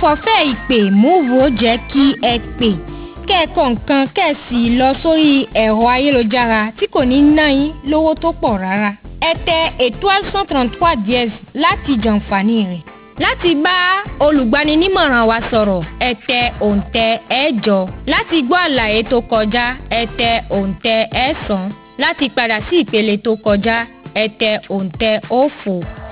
fọfẹ́ ìpè múùvù ó jẹ́ kí ẹ pè kẹ́ẹ̀kọ́ nǹkan kẹ́ẹ̀sì lọ sórí ẹ̀rọ ayélujára tí kò ní ná yín lówó tó pọ̀ rárá. ẹ tẹ étoile cent trente trois dièse láti jàǹfààní rẹ̀. láti bá olùgbaninímọ̀ràn wa sọ̀rọ̀ ẹ tẹ òǹtẹ̀ ẹ̀jọ láti gbọ́ àlàyé tó kọjá ẹ tẹ òǹtẹ̀ ẹ̀sán láti padà sí ìpele tó kọjá ẹ tẹ òǹtẹ̀ òfo